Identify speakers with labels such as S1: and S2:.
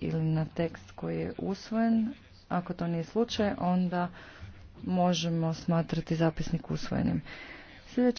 S1: ili na tekst koji je usvojen. Ako to nije slučaj, onda možemo smatrati zapisnik usvojenim.